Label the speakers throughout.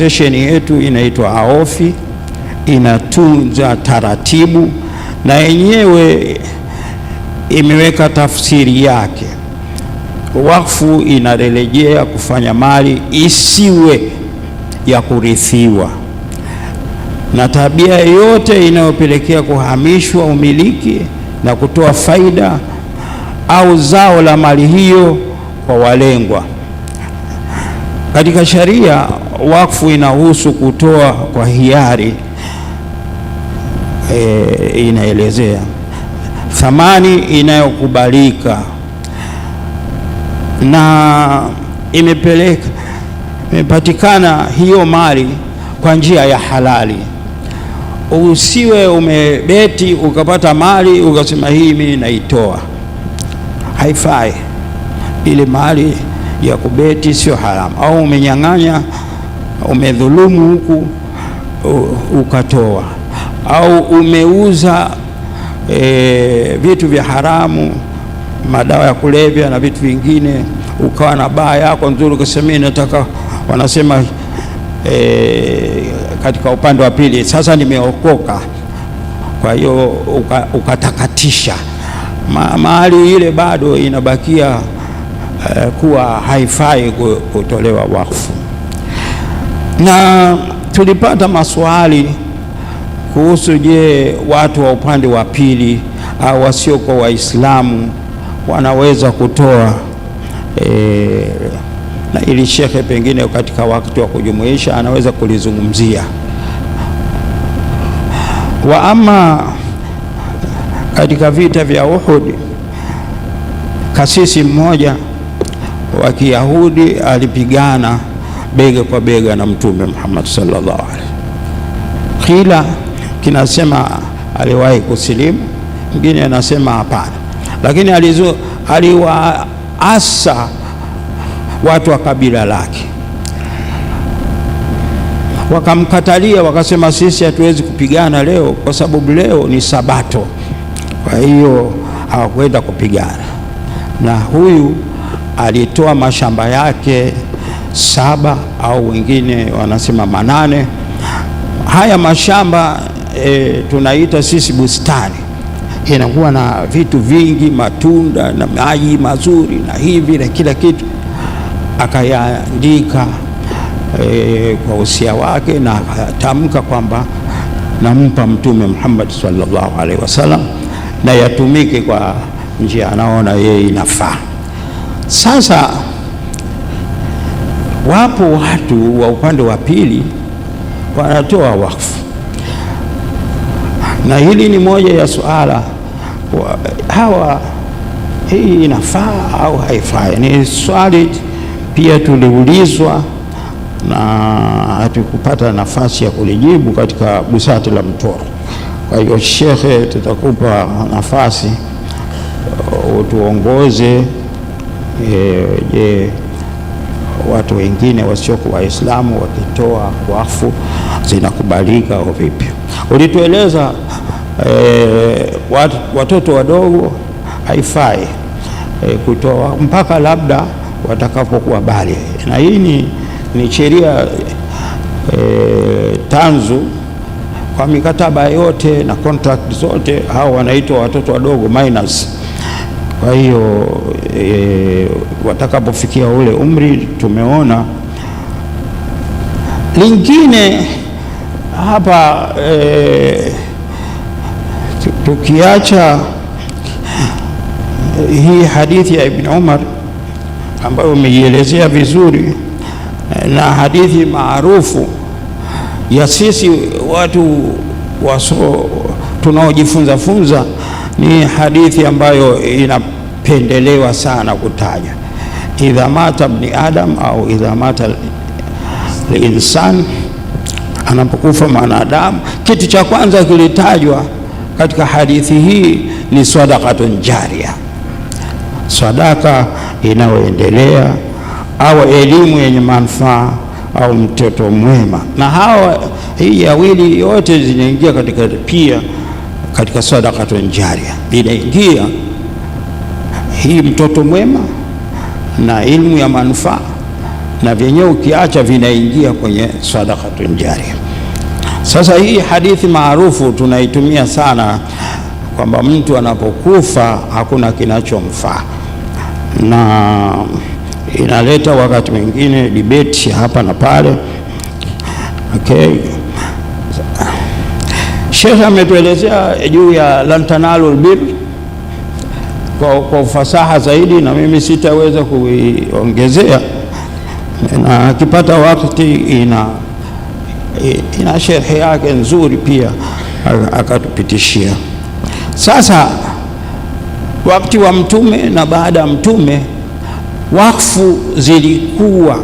Speaker 1: Organization yetu inaitwa AOFI, inatunza taratibu na yenyewe imeweka tafsiri yake. Wakfu inarejea kufanya mali isiwe ya kurithiwa, na tabia yote inayopelekea kuhamishwa umiliki na kutoa faida au zao la mali hiyo kwa walengwa. Katika sharia wakfu inahusu kutoa kwa hiari e, inaelezea thamani inayokubalika na imepeleka imepatikana hiyo mali kwa njia ya halali. Usiwe umebeti ukapata mali ukasema hii mimi naitoa, haifai ile mali ya kubeti sio haramu, au umenyang'anya, umedhulumu huku ukatoa, au umeuza e, vitu vya haramu, madawa ya kulevya na vitu vingine, ukawa na baa yako nzuri, ukasema nataka, wanasema e, katika upande wa pili, sasa nimeokoka, kwa hiyo ukatakatisha uka mahali ile bado inabakia Eh, kuwa haifai kutolewa wakfu, na tulipata maswali kuhusu, je, watu wa upande wa pili au ah, wasiokuwa Waislamu wanaweza kutoa e, na ili shekhe pengine katika wakati wa kujumuisha anaweza kulizungumzia. Wa ama katika vita vya Uhud, kasisi mmoja wa Kiyahudi alipigana bega kwa bega na Mtume Muhammad sallallahu alaihi Kila kinasema aliwahi kusilimu, mwingine anasema hapana, lakini aliwaasa watu wa kabila lake, wakamkatalia, wakasema sisi hatuwezi kupigana leo kwa sababu leo ni Sabato. Kwa hiyo hawakwenda kupigana na huyu alitoa mashamba yake saba au wengine wanasema manane. Haya mashamba e, tunaita sisi bustani, inakuwa na vitu vingi, matunda na maji mazuri na hivi na kila kitu. Akayaandika e, kwa usia wake na akatamka kwamba nampa Mtume Muhammad sallallahu alaihi wasallam na yatumike kwa njia anaona yeye inafaa. Sasa wapo watu wa upande wa pili wanatoa wakfu, na hili ni moja ya suala hawa, hii inafaa au haifai? Ni swali pia tuliulizwa na hatukupata nafasi ya kulijibu katika busati la mtoro. Kwa hiyo, shekhe, tutakupa nafasi uh, utuongoze. Eh, je, watu wengine wasiokuwa Waislamu wakitoa wafu zinakubalika au vipi? Ulitueleza e, wat, watoto wadogo haifai e, kutoa mpaka labda watakapokuwa bali, na hii ni, ni sheria e, tanzu kwa mikataba yote na contract zote, hao wanaitwa watoto wadogo minors. Kwa hiyo e, watakapofikia ule umri tumeona lingine hapa e, tukiacha e, hii hadithi ya Ibn Umar ambayo umeielezea vizuri e, na hadithi maarufu ya sisi watu waso tunaojifunza funza ni hadithi ambayo inapendelewa sana kutaja, idha mata bni adam au idha mata linsan, anapokufa mwanadamu, kitu cha kwanza kilitajwa katika hadithi hii ni sadaqatun jaria, sadaka inayoendelea au elimu yenye manufaa au mtoto mwema. Na hawa hii yawili yote zinaingia katika pia katika sadakatun njaria, inaingia hii mtoto mwema na ilmu ya manufaa na vyenyewe ukiacha vinaingia kwenye sadakatun jaria. Sasa hii hadithi maarufu tunaitumia sana kwamba mtu anapokufa hakuna kinachomfaa, na inaleta wakati mwingine debate hapa na pale, okay. Sheikh ametuelezea juu ya lan bir kwa, kwa ufasaha zaidi, na mimi sitaweza kuiongezea, na akipata wakati ina, ina sherhi yake nzuri pia akatupitishia. Sasa wakati wa Mtume na baada ya Mtume, wakfu zilikuwa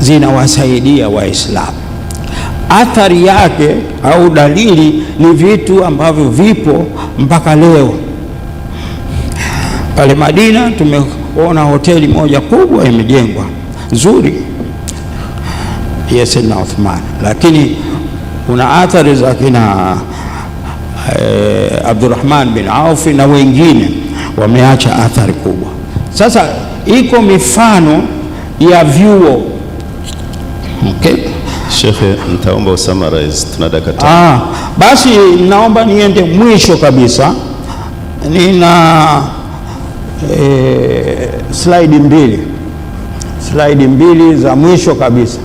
Speaker 1: zinawasaidia Waislamu athari yake au dalili ni vitu ambavyo vipo mpaka leo. Pale Madina tumeona hoteli moja kubwa imejengwa nzuri ya Sayyidna Uthman, lakini kuna athari za kina eh, Abdurrahman bin Auf na wengine wameacha athari kubwa. Sasa iko mifano ya vyuo
Speaker 2: okay. Shekhe, nitaomba usummarize, tuna dakika tano.
Speaker 1: Ah, basi naomba niende mwisho kabisa. Nina e, slide mbili, slide mbili za mwisho kabisa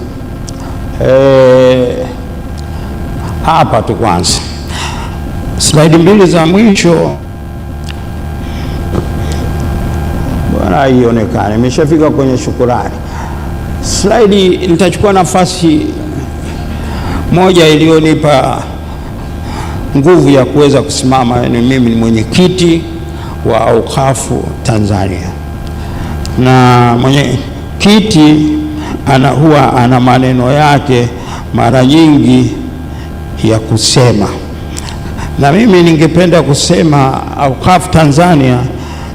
Speaker 1: eh, hapa tu kwanza, slide mbili za mwisho bwana, ionekane imeshafika kwenye shukurani. Slide nitachukua nafasi moja iliyonipa nguvu ya kuweza kusimama ni mimi ni mwenyekiti wa Aukafu Tanzania, na mwenyekiti ana huwa ana maneno yake mara nyingi ya kusema, na mimi ningependa kusema Aukafu Tanzania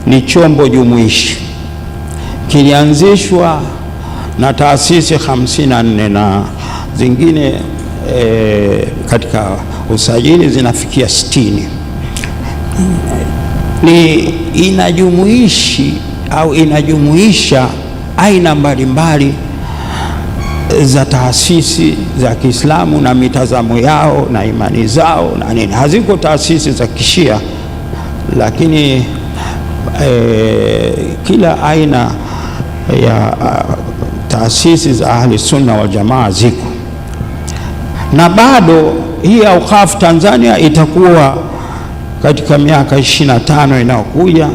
Speaker 1: ni chombo jumuishi, kilianzishwa na taasisi 54 na zingine e, katika usajili zinafikia sitini. Ni inajumuishi au inajumuisha aina mbalimbali za taasisi za Kiislamu na mitazamo yao na imani zao na nini. Haziko taasisi za Kishia, lakini e, kila aina ya ah, taasisi za Ahli Sunna wal Jamaa ziko na bado hii aukafu Tanzania itakuwa katika miaka 25 inayokuja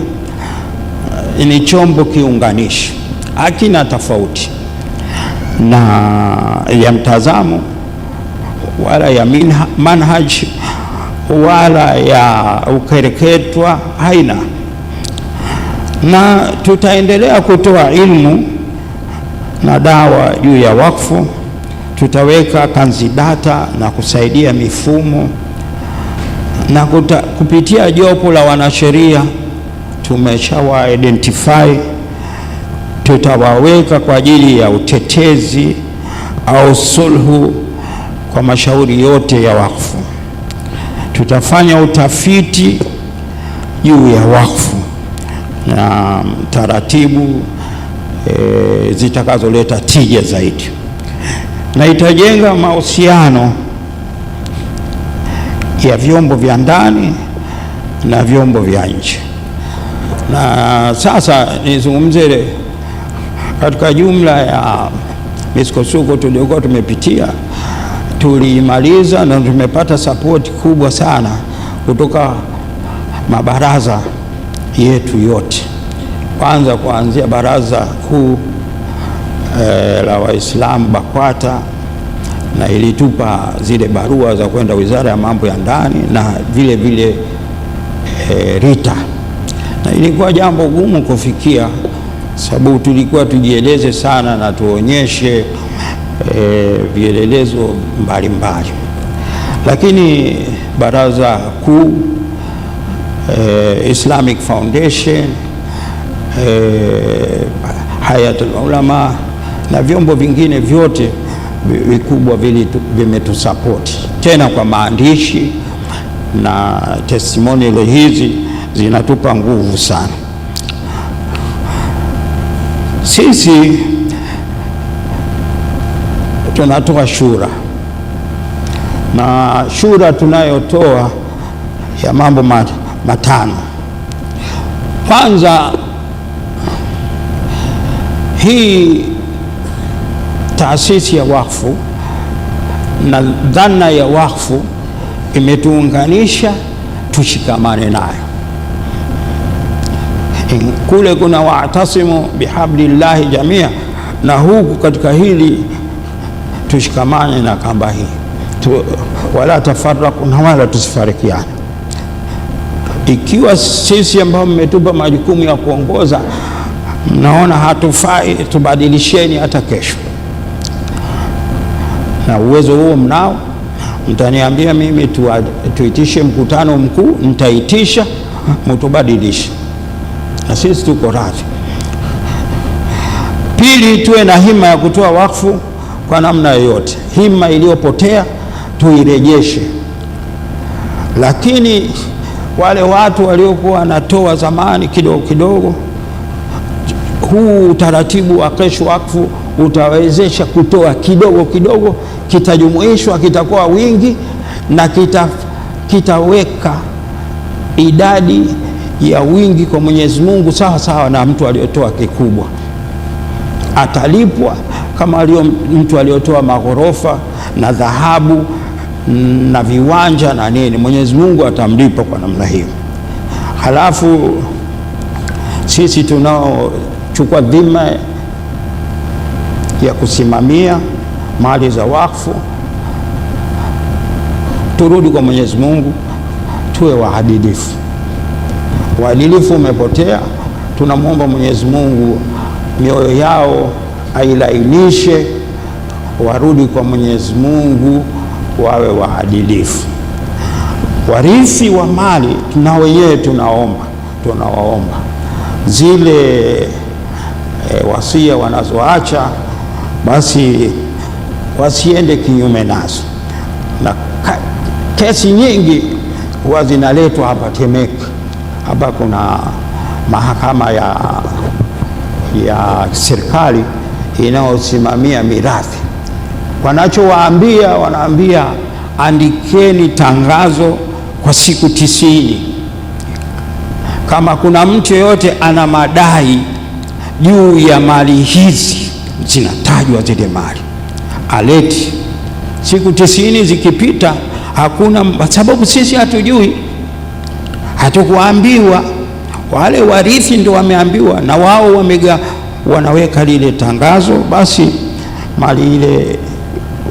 Speaker 1: eh, ni chombo kiunganishi, hakina tofauti na ya mtazamo wala ya minha, manhaj wala ya ukereketwa haina, na tutaendelea kutoa ilmu na dawa juu ya wakfu tutaweka kanzidata na kusaidia mifumo na kuta, kupitia jopo la wanasheria tumeshawa identify, tutawaweka kwa ajili ya utetezi au sulhu kwa mashauri yote ya wakfu. Tutafanya utafiti juu ya wakfu na taratibu e, zitakazoleta tija zaidi na itajenga mahusiano ya vyombo vya ndani na vyombo vya nje. Na sasa nizungumze katika jumla ya misukosuko tuliokuwa tumepitia, tuliimaliza na tumepata sapoti kubwa sana kutoka mabaraza yetu yote, kwanza kuanzia baraza kuu Eh, la Waislamu BAKWATA na ilitupa zile barua za kwenda Wizara ya Mambo ya Ndani na vile vile e, RITA, na ilikuwa jambo gumu kufikia, sababu tulikuwa tujieleze sana na tuonyeshe e, vielelezo mbalimbali, lakini baraza kuu e, Islamic Foundation e, Hayatul Ulama na vyombo vingine vyote vikubwa vimetusapoti tena kwa maandishi na testimonial hizi zinatupa nguvu sana sisi. Tunatoa shura na shura tunayotoa ya mambo matano. Kwanza hii taasisi ya wakfu na dhana ya wakfu imetuunganisha tushikamane nayo. Kule kuna waatasimu bihablillahi jamia, na huku katika hili tushikamane na kamba hii tu, wala tafaraku na wala tusifarikiane. Ikiwa sisi ambao mmetupa majukumu ya kuongoza mnaona hatufai, tubadilisheni hata kesho na uwezo huo mnao, mtaniambia mimi tuwa, tuitishe mkutano mkuu, mtaitisha, mtubadilishe, na sisi tuko radhi. Pili, tuwe na hima ya kutoa wakfu kwa namna yoyote. Hima iliyopotea tuirejeshe, lakini wale watu waliokuwa wanatoa zamani kidogo kidogo, huu utaratibu wa kesho wakfu utawezesha kutoa kidogo kidogo, kitajumuishwa, kitakuwa wingi na kita, kitaweka idadi ya wingi kwa Mwenyezi Mungu sawa sawa na mtu aliyotoa kikubwa, atalipwa kama alio mtu aliyotoa maghorofa na dhahabu na viwanja na nini, Mwenyezi Mungu atamlipa kwa namna hiyo. Halafu sisi tunaochukua dhima ya kusimamia mali za wakfu. Turudi kwa Mwenyezi Mungu, tuwe waadilifu. Uadilifu umepotea, tunamwomba Mwenyezi Mungu mioyo yao ailainishe, warudi kwa Mwenyezi Mungu, wawe waadilifu. Warithi wa mali na wenyewe tunaomba, tunawaomba zile e, wasia wanazoacha basi wasiende kinyume nazo. Na kesi nyingi huwa zinaletwa hapa Temeke. Hapa kuna mahakama ya, ya serikali inayosimamia mirathi. Wanachowaambia, wanaambia andikeni tangazo kwa siku tisini. Kama kuna mtu yoyote ana madai juu ya mali hizi zinatajwa zile mali aleti. Siku tisini zikipita hakuna, sababu sisi hatujui, hatukuambiwa. Wale warithi ndio wameambiwa, na wao wamega, wanaweka lile tangazo, basi mali ile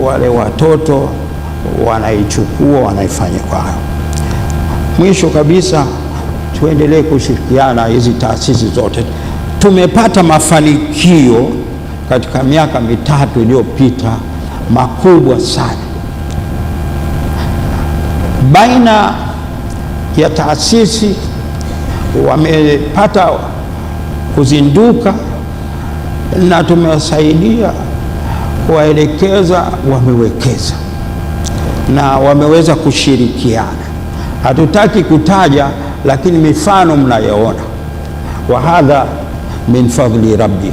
Speaker 1: wale watoto wanaichukua wanaifanya kwao. Mwisho kabisa, tuendelee kushirikiana hizi taasisi zote, tumepata mafanikio katika miaka mitatu iliyopita makubwa sana baina ya taasisi wamepata kuzinduka na tumewasaidia kuwaelekeza, wamewekeza na wameweza kushirikiana. Hatutaki kutaja, lakini mifano mnayoona, wa hadha min fadli rabbi